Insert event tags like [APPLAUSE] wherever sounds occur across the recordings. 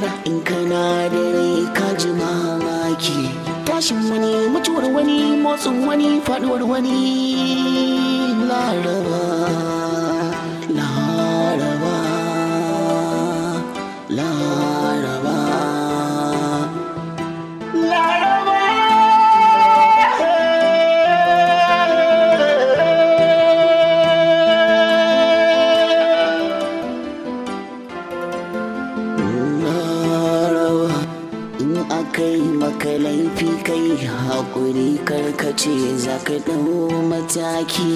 raina in kana da ni ka ji mamaki tashin wani mutuwar wani motsin wani faduwar wani laraba ka karkace za ka ɗau mataki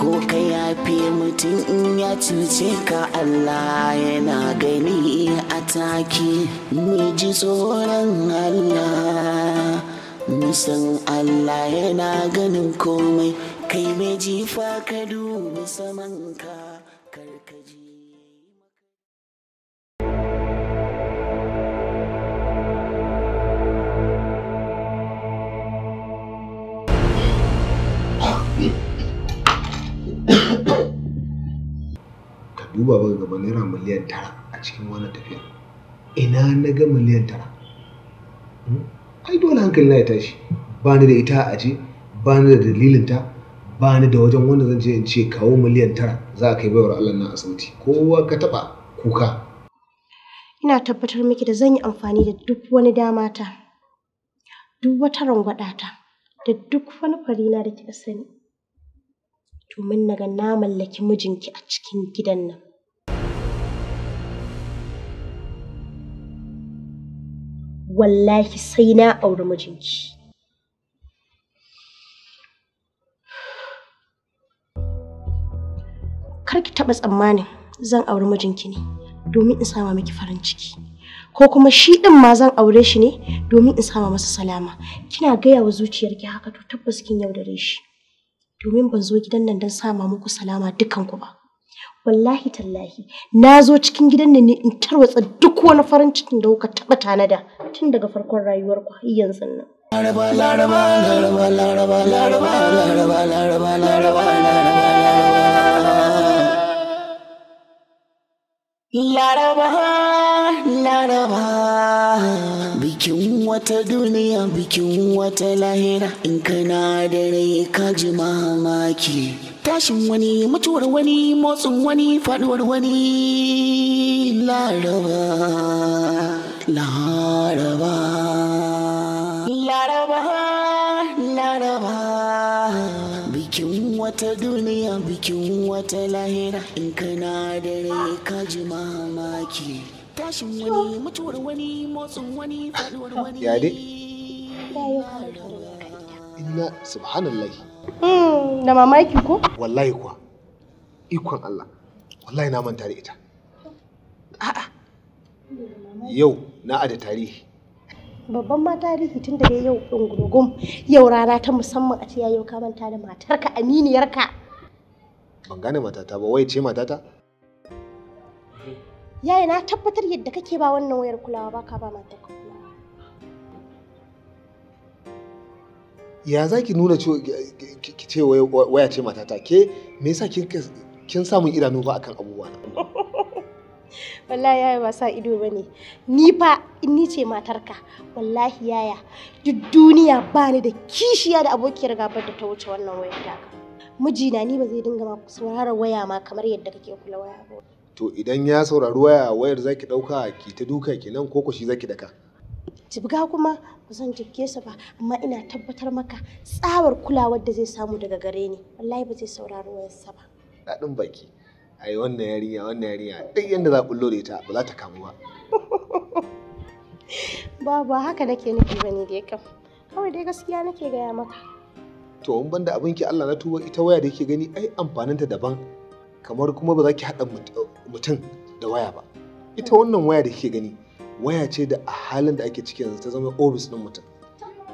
ko ka yafi mutum in ya cuce ka Allah yana gani a taki mu ji tsoron Allah musan Allah yana ganin komai kai mai jifa ka dubi ka. duba ba gaba naira miliyan tara a cikin wani tafiya ina na ga miliyan tara hmm? ai dole hankali na ya tashi ba ni da ita a ce ba ni da dalilinta ba ni da wajen wanda zan je in ce kawo miliyan tara za a kai baiwar Allah na asibiti kowa ka taba kuka ina tabbatar miki da zan yi amfani da duk wani dama ta duk wata rangwada ta da duk wani na da kika sani domin na ga na mallaki mijinki a cikin gidan nan. Wallahi sai na auri mijinki. Kar ki taɓa tsammanin zan auri mijinki ne domin in sama miki farin ciki. ko kuma shi ɗin ma zan aure shi ne domin in sama masa salama kina gaya wa zuciyarki haka to tabbas kin yaudare shi domin ban zo gidan nan don sama muku salama dukanku ba. Wallahi tallahi, na zo cikin gidan nan ne in tarwatsa duk wani farin cikin da kuka taɓa tanada tun daga farkon rayuwar har yanzu nan. Laraba, laraba, laraba, laraba, laraba, laraba, laraba, laraba, laraba, laraba, laraba. bikin wata duniya bikin wata lahira in kana da rai ka ji mamaki tashin wani mutuwar wani motsin wani faduwar wani laraba laraba laraba laraba bikin wata duniya bikin wata lahira in kana da rai ka ji mamaki tashin wani mutuwar wani motsin wani faduwar wani ya dai inna subhanallah hmm, da mamaki ko wallahi kuwa ikon Allah wallahi na manta da ita a'a yau na ada tarihi babban ma tarihi tun daga yau ɗungurugum yau rana ta musamman a ce yau ka manta da matarka aminiyarka ban gane matata ba wai ce matata yaya na tabbatar yadda kake ba wannan wayar kulawa ba ka ba matarka kulawa ya za ki nuna ce waya ce matata ke me yasa kin samun idanu ba akan abubuwa [LAUGHS] wallahi yaya ba sa ido ba ne ni fa in ni ce matarka wallahi yaya duk duniya ba ni da kishiya da abokiyar gabar da ta wuce wannan wayar taka mijina ni ba zai dinga ma sauraron waya ma kamar yadda kake kula waya ba to idan ya saurari waya wayar zaki dauka ki ta duka nan ko ku shi zaki daka jibga kuma ba zan jibge sa ba amma ina tabbatar maka tsawar kulawar da zai samu daga gare ni wallahi ba zai saurari wayar sa ba dadin baki ai wannan yarinya wannan yarinya duk yanda za kullo da ita ba za ta kamu ba [LAUGHS] babu haka nake nufi bane da yakan kawai dai gaskiya nake gaya maka to in banda abinki Allah na tuba ita waya da yake gani ai amfaninta daban kamar kuma ba za ki haɗa mutum da waya ba ita wannan waya da kike gani waya ce da a halin da ake ciki yanzu ta zama ofis ɗin mutum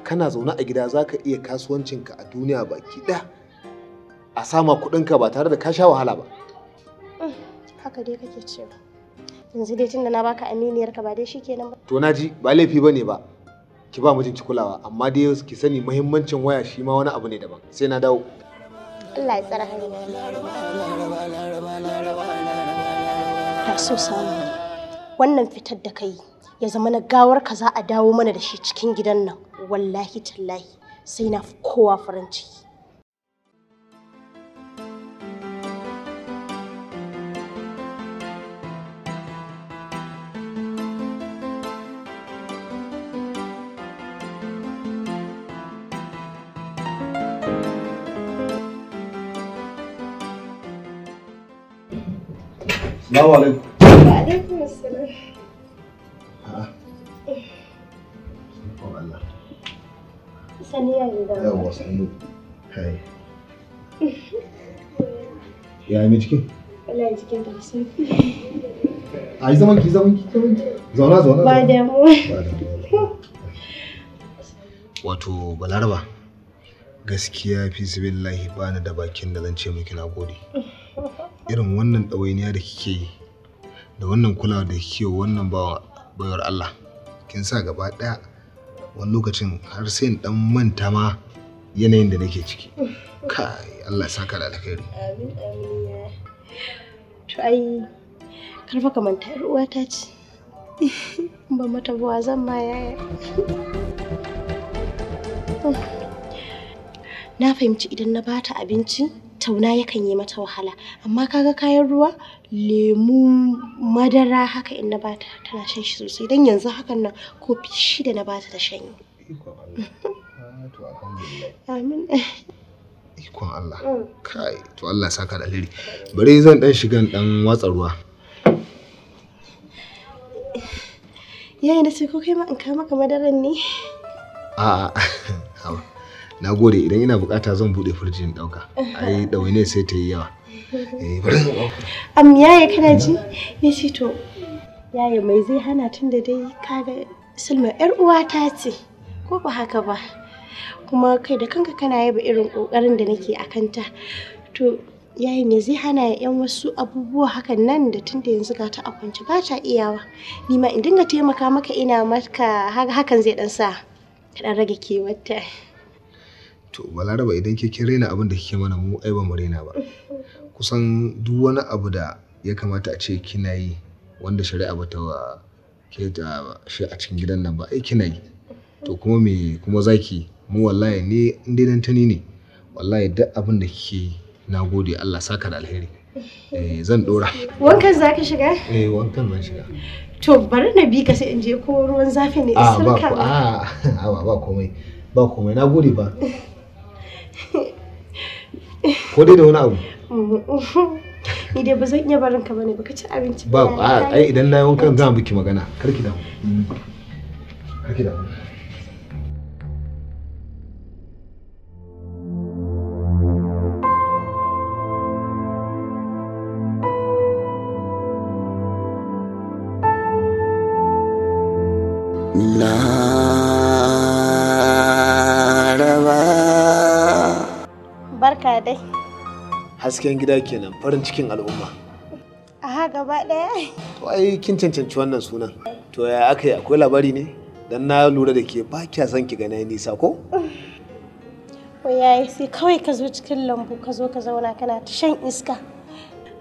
kana zaune a gida za ka iya kasuwancinka a duniya baki ɗaya a sama kuɗinka ba tare da ka sha wahala ba mm, haka dai kake cewa yanzu dai tunda na baka aminiyarka ba dai shikenan ba to naji ba laifi bane ba ki ba mijinki kulawa amma dai ki sani muhimmancin waya shi ma wani abu ne daban sai na dawo Allah ya tsara hanya so wannan fitar da kai ya zama na gawar ka za a dawo mana da shi cikin gidan nan wallahi tallahi sai na kowa farin ciki السلام عليكم Wa السلام ها الله ya yi cikin? A yi zaman ki zaman ki Wato Balaraba. Gaskiya fi sibillahi bani da bakin da zan ce miki na gode. irin wannan ɗawainiya da kike yi da wannan kulawa da kike wa wannan baiwar Allah kin sa gaba ɗaya wani lokacin har sai in dan manta ma yanayin da nake ciki kai Allah saka da alkhairi to ai karfa ka manta ta ci ba mata buwa zan ma yaya na fahimci idan na bata abinci tauna yakan yi mata wahala. Amma ka ga kayan ruwa, lemu, madara haka in na ba ta tana shan shi sosai. Don yanzu hakan nan kofi shida na bata ta shan shanye. [LAUGHS] Amin. Ikon Allah. Mm. Kai, to Allah saka da alheri. Bari zan dan shiga dan watsa ruwa. Yayi na sai ko kai ma in ka maka madaran ne? A'a. [LAUGHS] Hawa. na gode idan ina bukata zan bude in dauka [LAUGHS] ai ɗawaine sai ta yi yawa eh, am yaya kana ji ya ce to yaya mai zai hana tun da dai kaga salma yar uwata ce ko ba haka ba kuma kai da kanka kana yaba irin kokarin da nake akanta to yaya ne zai hana yan wasu abubuwa hakan nan da tun da yanzu ga ta akwanci ba ta iyawa ni ma in dinga taimaka maka ina maka hakan zai dan sa ka dan rage kewarta To balaraba idan ke raina abin da kike mana mu ai ba mu raina ba. Kusan duk wani abu da ya kamata a ce kina yi wanda shari'a ba ta ke ta shi a cikin gidan nan ba ai kina yi. To kuma me kuma zaki mu wallahi ni in dai nan tani ne wallahi duk abin da kike nagode na gode Allah saka da alheri. Eh zan dora. Wankan zaka shiga? Eh wankan zan shiga. To bari na bi ka sai in je ko ruwan zafi ne isar ka. A ba ba komai. Ba komai na gode ba. ko dai da wani abu ni dai ba zan iya barin ka bane baka ci abinci ba ba ai idan na yi wankan zan biki magana kar ki damu kar ki damu love albarka dai. Hasken gida kenan farin cikin al'umma. Aha gaba ɗaya. To ai kin cancanci wannan sunan. To ya aka yi akwai labari ne? Dan na lura da ke ba kya son ki gane nisa ko? Ko yayi sai kawai ka zo cikin lambu ka zo ka zauna kana ta shan iska.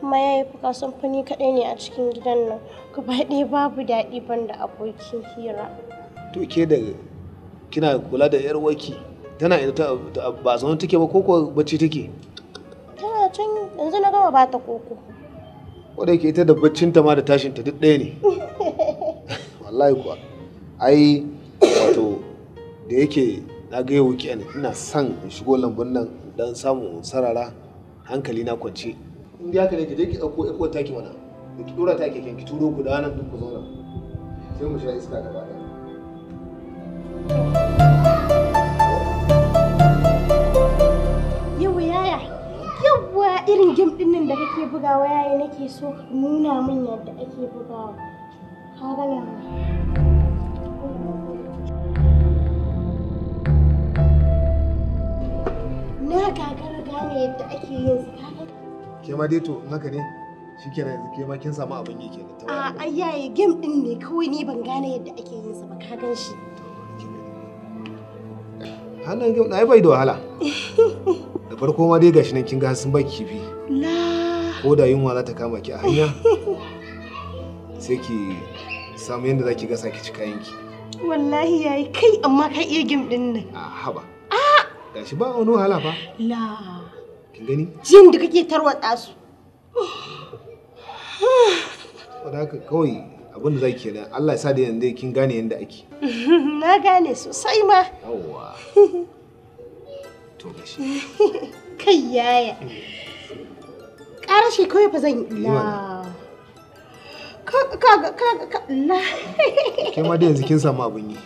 Amma yayi fuka son fani kaɗai ne a cikin gidan nan. Gaba ɗaya babu daɗi banda abokin hira. To ke da kina kula da 'yar waki. tana ina ba a zaune take ba koko bacci take tana can yanzu na gama bata koko wadda yake ita da ta ma da tashin ta duk ɗaya ne [LAUGHS] wallahi kuwa ai wato da yake na ga yau weekend ina son in shigo lambun nan dan samu sarara hankali na kwance in da haka ne ki je ki ɗauko iko taki mana da ki dora taki kan ki turo ku da nan duk ku zauna sai mu sha iska gaba ɗaya ake bugawa yayi nake so nuna min yadda ake bugawa ka gana na gagara gane yadda ake yin su ke ma dai to in haka ne shikenan yanzu ke ma kin samu abin yi da ta a ayyaye game din ne kawai ni ban gane yadda ake yin sa ba ka gan shi hannun game ɗaya bai da wahala [LAUGHS] da farko ma dai gashi nan kin ga sun baki kifi ko da yunwa za ta kama ki a hanya sai ki samu yadda za ki gasa ki ci yanki. wallahi yayi kai amma ka iya gim din nan a ah, haba ah! gashi ba wani wahala fa la kin gani jin da kake tarwatsa su saboda haka kawai abin da zaki kenan Allah ya sa da yanzu kin gane yadda ake [LAUGHS] na gane sosai ma yawwa [LAUGHS] to gashi kai yaya ƙara shi fa zan iya ka ka ka ka la kai ma da yanzu kin samu abin yi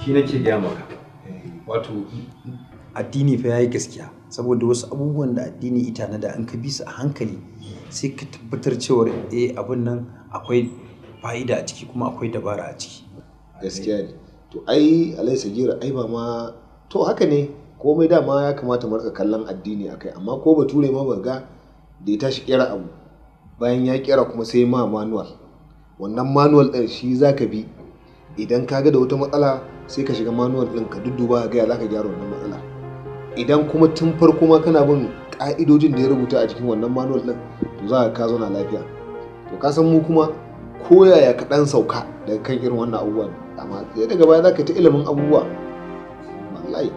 shi nake gaya maka wato addini fa yayi gaskiya saboda wasu abubuwan da addini ita na da an ka bi a hankali sai ka tabbatar cewar eh abin nan akwai fa'ida a ciki kuma akwai dabara a ciki gaskiya ne to ai alai sagira ai ba ma to haka ne komai dama ya kamata mu rika kallon addini akai amma ko ba bature ma ga da ya tashi kera abu bayan ya kera kuma sai ma manual wannan manual din shi zaka bi idan ka ga da wata matsala sai ka shiga manuwal ɗin ka dudduba ka gaya za ka gyara wannan matsala idan kuma tun farko ma kana bin ƙa'idojin da ya rubuta a cikin wannan manuwal ɗin to za ka ka zauna lafiya to ka san mu kuma koyaya ka ɗan sauka daga kan irin wannan abubuwan amma sai daga baya za ka ta ilimin abubuwa wallahi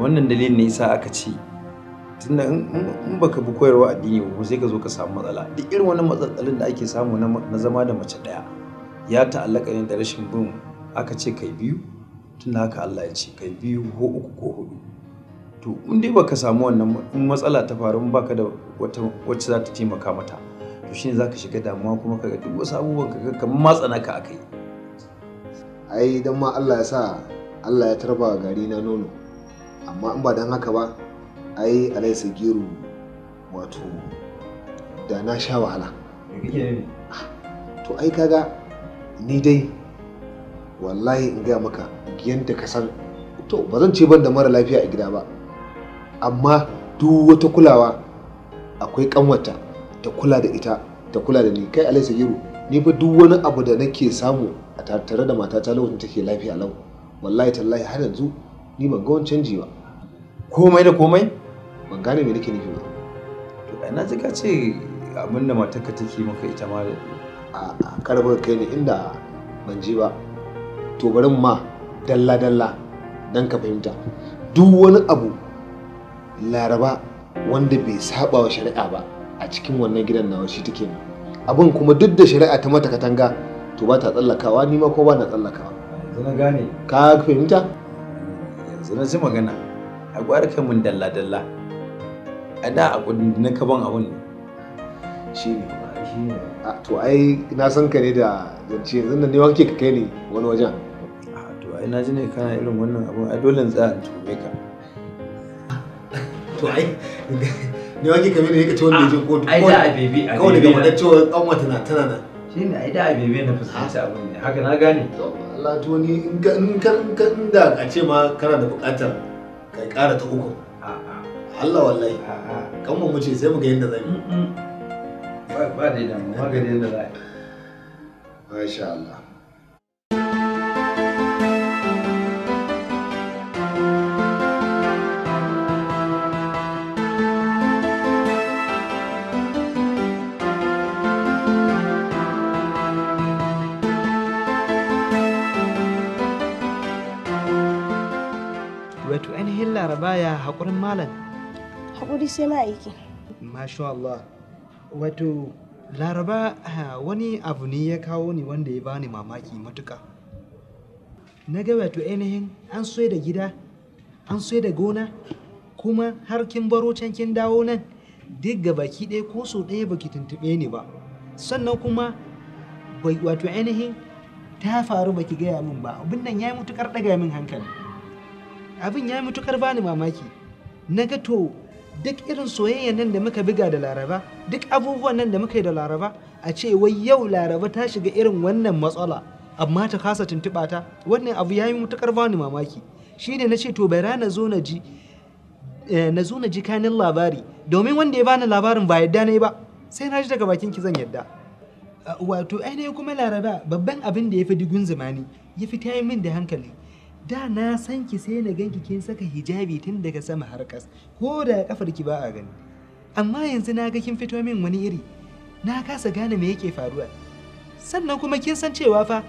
wannan dalilin ne yasa aka ce tunda in baka bi koyarwa addini ba ko sai ka zo ka samu matsala duk irin wani matsalolin da ake samu na zama da mace daya ya ta'allaka ne da rashin bin aka ce kai biyu tun haka Allah ya ce kai biyu ko uku ko hudu to in dai baka samu wannan matsala ta faru in baka da wata wacce za ta taimaka mata to shine zaka shiga damuwa kuma kaga duk wasu abubuwan kaga kamar matsana ka akai ai dan ma Allah ya sa Allah ya tarba gari na nono amma in ba dan haka ba ai alai sagiru wato da na sha wahala to ai kaga ni dai wallahi in gaya maka yadda ka san to ba zan ce ban da mara lafiya a gida ba amma duk wata kulawa akwai kanwata ta kula da ita ta kula da ni kai alaisa sagiru ni fa duk wani abu da nake samu a tattare da matata lokacin take lafiya lau wallahi tallahi har yanzu ni ban ga wani canji ba komai da komai ban gane me nake nufi ba to na ji ce abin da matarka take maka ita ma a karbar kai ne inda ban ji ba to bari ma dalla dalla dan ka fahimta duk wani abu laraba wanda bai saba wa shari'a ba a cikin wannan gidan nawa shi take nan abin kuma duk da shari'a ta mata katanga to ba ta tsallakawa ni ma ko ba na tsallakawa yanzu na gane ka fahimta yanzu na ji magana a gwara kai mun dalla dalla a da a kudin na kaban abun ne shi ne to ai na san ka ne da zance yanzu nan ne wanke ka kai ne wani wajen to ai na ji ne kana irin wannan abu ai dole in tsaya in tume ka to ai ne wanke ka ne ka ci da yake kotu ai da a bebe a kawai daga wadar cewa dan wata na tana nan shine ai da a bebe na fuskanci abin ne haka na gane Allah to ni in ka in da a ce ma kana da bukatar ka ƙara ta uku Allah wallahi a'a kan mu ce sai mu ga yadda zai ba dai damu maganin da yi haƙurin malam haƙuri sai ma'aiki masha Allah Wato Laraba wani abu ne ya kawo ni wanda ya bani mamaki matuka Na ga wato ainihin an da gida, an da gona kuma har kin baro can kin dawo nan duk ga baki ɗaya ko sau ɗaya baki tuntuɓe ni ba. Sannan kuma wato ainihin ta faru baki gaya min ba. Abin nan ya yi matuƙar ɗaga min hankali. Abin ya yi matuƙar bani mamaki. Na ga to duk irin soyayya nan da muka biga da laraba duk abubuwan nan da muka yi da laraba a ce wai yau laraba ta shiga irin wannan matsala amma ta kasa tuntuɓa ta wannan abu ya yi matuƙar bani mamaki shi ne na ce to bai na zo na ji eh, na zo na ji kanin labari domin wanda ya bani labarin ba yadda yi ba sai na ji daga bakin ki zan yadda wato ainihin kuma laraba babban abin da ya fi digun zamani ya fi tayi min da hankali da na san ki sai na ganki kin saka hijabi tun daga sama har kas ko da kafar ki ba a gani amma yanzu na ga kin fito min wani iri na kasa gane me yake faruwa sannan kuma kin san cewa fa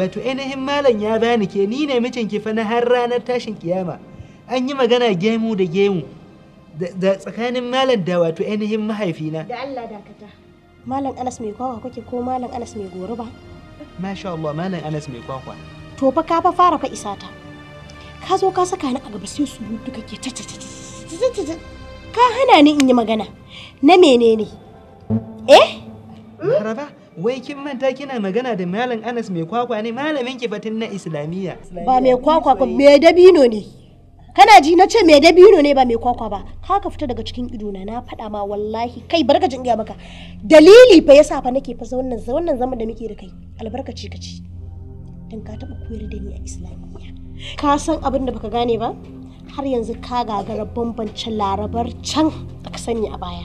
wato ainihin malam ya bani ke ni ne mijin ki fa na har ranar tashin kiyama an yi magana gemu da gemu da tsakanin malam da wato ainihin mahaifina da Allah dakata malam Anas mai kwakwa kuke? ko malam Anas mai goruba masha Allah malam Anas mai kwakwa to fa ka fa fara fa isa ta ka zo ka saka ni a gaba sai surutu kake ta ka hana ni in yi magana na menene eh Maraba, wai kin manta kina magana da Malam Anas mai kwakwa ne malamin ki fatin na Islamiyya. Ba mai kwakwa ba, mai dabino ne. Kana ji na ce mai dabino ne ba mai kwakwa ba. Ka ka fita daga cikin ido na na faɗa ma wallahi kai barka jin maka. Dalili fa yasa fa nake fa wannan zaman da muke da kai. Albarkaci ka Dan ka taɓa koyar da ni a islamiyya ka san abin da baka gane ba har yanzu ka gagara bambancin larabar can da ka sani a baya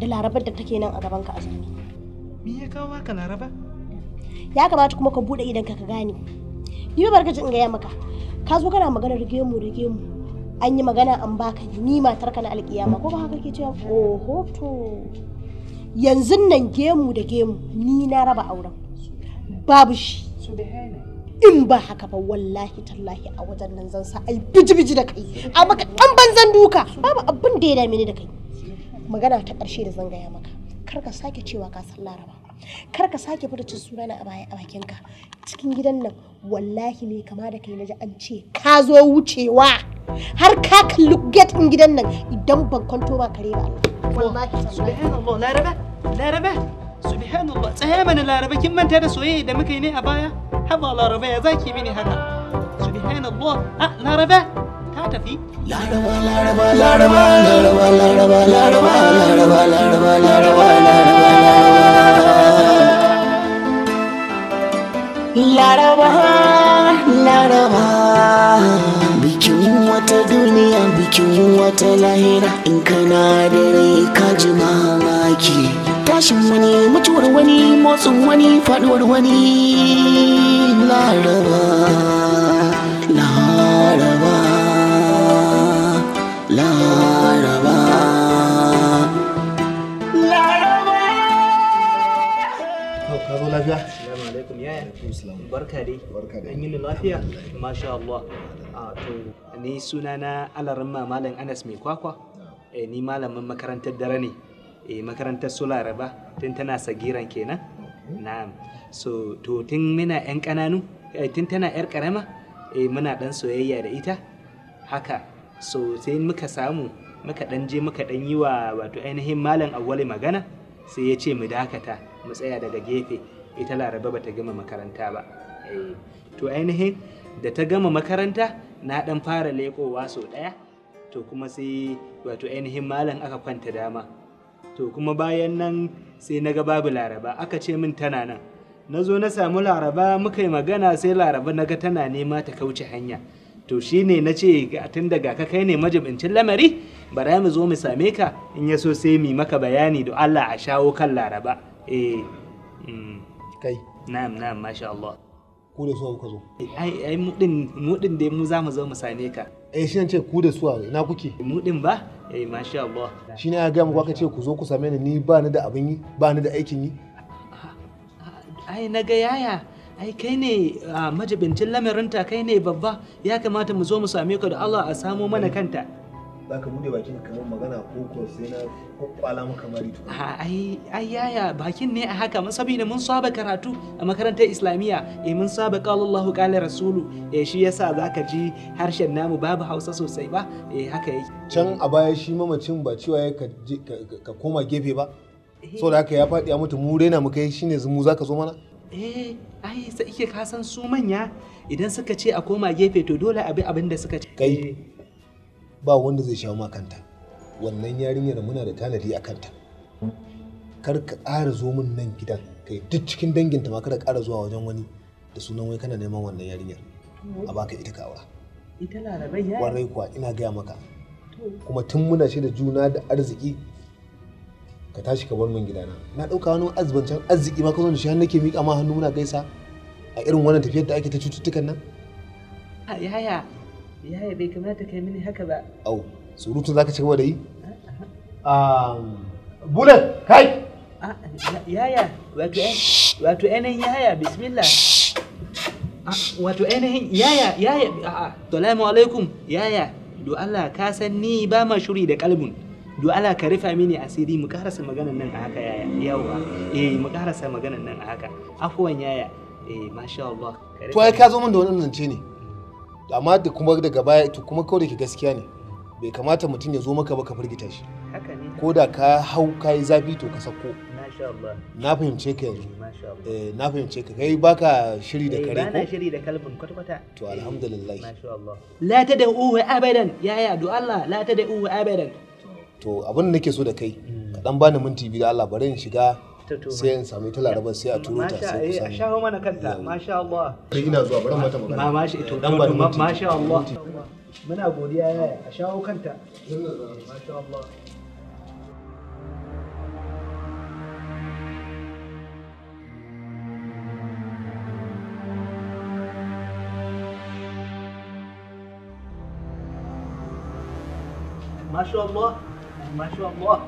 da larabar da take nan a gaban ka a me ya kawo maka laraba ya kamata kuma ka bude idan ka ka gane ni ba barka in gaya maka ka zo kana maganar gemu da gemu an yi magana an baka ni matar ka na alkiyama ko ba haka ke cewa oho to yanzu nan gemu da gemu ni na raba auren babu shi subhana in ba haka ba wallahi tallahi a wajen nan zan sa ai biji-biji da kai a maka dan banzan duka babu abin da ya da ni da kai magana ta karshe da zan gaya maka kar ka sake cewa ka san laraba kar ka sake fita suna sunana a baya a ka cikin gidan nan wallahi ne kama da kai naji an ce ka zo wucewa har ka kalli in gidan nan idan ban kwanto ba kare ba wallahi tallahi laraba laraba subhanallah tsaya mana laraba kin manta da soyayya da muka yi ne a baya haba laraba ya zaki mini haka subhanallah a laraba ta tafi laraba laraba laraba laraba laraba laraba laraba laraba laraba laraba laraba bikin wata duniya bikin wata lahira in kana da rai ka ji mamaki tashin wani mutuwar wani motsin wani faduwar wani laraba laraba laraba lafiya? Salamu alaikum yaya. Barka dai. Barka dai. An yi lafiya? Masha Allah. To ni sunana Alaramma Malam Anas mai kwakwa. Eh, ni malamin makarantar dare ne. eh makarantar su laraba tun tana sagiran kenan na'am so to tun muna yan kananu eh, tun tana yar ƙarama eh muna ɗan soyayya da ita haka so sai muka samu muka dan je muka ɗan yi wa wato ainihin malam awwali magana sai ya ce mu dakata mu tsaya daga gefe ita laraba ba ta gama makaranta ba eh, to ainihin da ta gama makaranta na ɗan fara leƙowa sau ɗaya to kuma sai wato ainihin malam aka kwanta dama to kuma bayan nan sai na ga babu laraba aka ce min tana nan na zo na samu laraba muka yi magana sai laraba na ga tana nema ta kauce hanya to shi ne na ce tun daga ka kai ne majibincin lamari bara mu zo mu same ka in ya so sai mu maka bayani da Allah a shawo kan laraba eh mm. kai na'am na'am masha Allah ku da suwa kuka zo ai ai mu din mu din dai mu za mu zo mu same ka eh shi ce ku da suwa na kuke mu din ba eh masha Allah shi ne ya ga muku aka ce ku zo ku same ni ni ba ni da abin yi ba ni da aikin yi ai na ga yaya ai kai ne ah, majibincin lamarinta kai ne babba ya kamata mu zo mu same ka da Allah a samo mana kanta za ka bude bakin kamar magana ko ko sai na kwakwala maka mari to ah, ai yaya bakin ne a haka mun saboda mun saba karatu a makarantar islamiyya eh mun saba qala Allahu qala rasulu eh shi yasa zaka ji harshen namu babu Hausa sosai ba eh haka yake can a baya shi mamacin ba cewa ya ka koma gefe ba eh. so da haka ya faɗi ya mutu mu rena mu kai shine zumu zaka zo mana eh ai sai ike ka san su manya idan suka ce a koma gefe to dole abi abin da suka ce kai eh. ba wanda zai shawo ma kanta wannan yarinyar muna da tanadi a kanta kar ka ƙara zo min nan gidan kai duk cikin danginta ma kada ƙara zuwa wajen wani da sunan wai kana neman wannan yarinyar a baka ita ka aura ita larabai ya warai kuwa ina gaya maka kuma tun muna shi da juna da arziki ka tashi ka bar min gidana na ɗauka wani azbancan arziki ma ka zo da shi har nake miƙa ma hannu muna gaisa a irin wannan tafiyar da ake ta cututtukan nan yaya yaya bai kamata kai mini haka ba au surutu zaka ci gaba da yi bulan kai yaya wato ainihin yaya bismillah wato ainihin yaya yaya a'a salamu alaikum yaya do Allah ka san ni ba ma shuri da kalbun do Allah ka rufa mini asiri mu karasa maganan nan a haka yaya yawa eh mu karasa maganan nan a haka afwan yaya eh masha Allah to ai ka zo min da wannan zance ne amma da kuma daga baya to kuma kawai da ke gaskiya ne bai kamata mutum ya zo maka ba ka firgita shi ko da ka hau ka yi zafi to ka sako na fahimce ka yanzu eh, na fahimce ka kai baka shiri da eh, kare ko shiri da kalbin kwatkwata to alhamdulillah eh, la ta da uwa abadan ya ya do Allah la ta da uwa abadan to abin da nake so da kai hmm. ka dan bani minti biyu da Allah bari in shiga sai in sami ta sai a turo ta sai kusa eh, a mana kanta masha Allah ina zuwa bari mata magana ma shi dan masha Allah muna godiya a shawo kanta masha Allah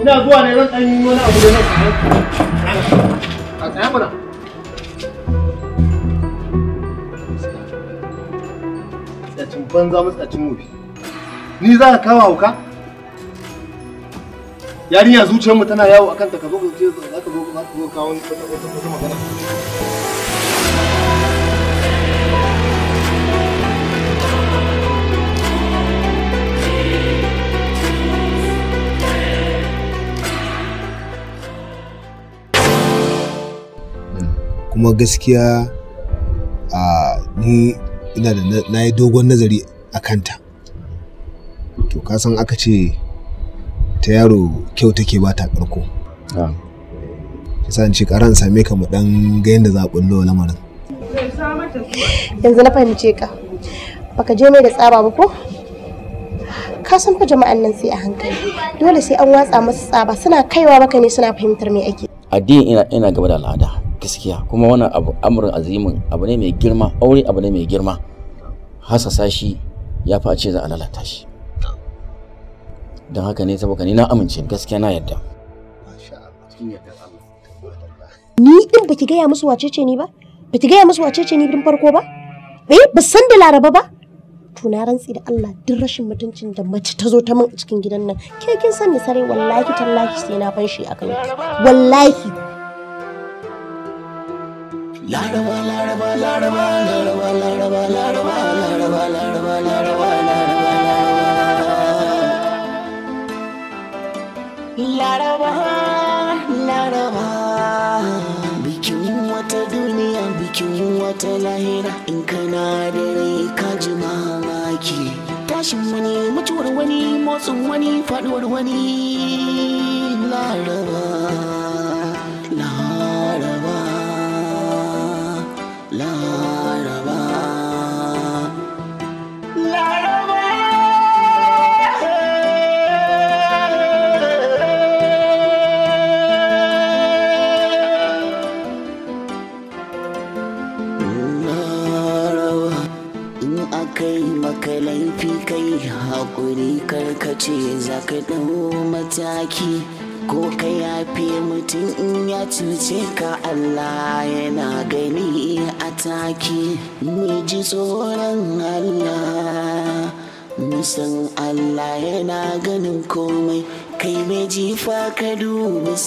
ina zuwa ne zan ɗan yi wani abu da na tsaya mana tsacin banza matsacin ni za ka kawo hauka yarinya zuciyarmu tana yawo akan ta ka zo ka zo ka zo kawo wata magana kuma gaskiya a ni ina da na yi dogon nazari a kanta to kasan aka ce ta yaro kyau take ba ta karko kasance ah. karan same ka mu dan ga da za ku bullo lamarin yanzu na fahimce ka baka je mai da tsaba ba ko ka san fa jama'an nan sai a hankali dole sai an watsa masu tsaba suna kaiwa maka ne suna fahimtar me ake addini ina ina gaba da al'ada gaskiya kuma wannan abu amrin azimin abu ne mai girma aure abu ne mai girma hasasa shi ya fi a ce za a lalata shi don haka ne saboda ni na amince gaskiya na yadda ni din baki gaya musu wacece ni ba baki gaya musu wacece ni din farko ba eh ba san da laraba ba to na rantsi da Allah duk rashin mutuncin da mace ta zo ta min a cikin gidan nan ke kin san ni sare wallahi tallahi sai na fanshi akan wallahi ലാടവാ ലാടവാ ലാടവാ ലാടവാ ലാടവാ ലാടവാ ലാടവാ ലാടവാ ലാടവാ ലാടവാ ലാടവാ bikin wata duniya bikin wata lahira in kana da rai ka ji mamaki tashin wani mutuwar wani motsin wani faduwar wani laraba kai haƙuri karkace za ka ɗau mataki ko ka yafe mutum in ya cuce ka Allah yana gani a taki mu ji tsoron Allah musan Allah yana ganin komai kai mai jifa ka dubi